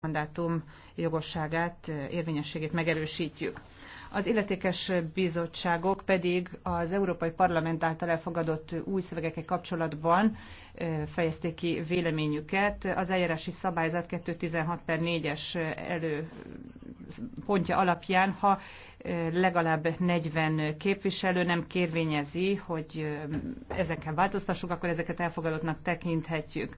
mandátum jogosságát, érvényességét megerősítjük. Az illetékes bizottságok pedig az Európai Parlament által elfogadott új szövegekkel kapcsolatban fejezték ki véleményüket. Az eljárási szabályzat 216 per 4-es elő pontja alapján, ha legalább 40 képviselő nem kérvényezi, hogy ezeken változtassuk, akkor ezeket elfogadottnak tekinthetjük.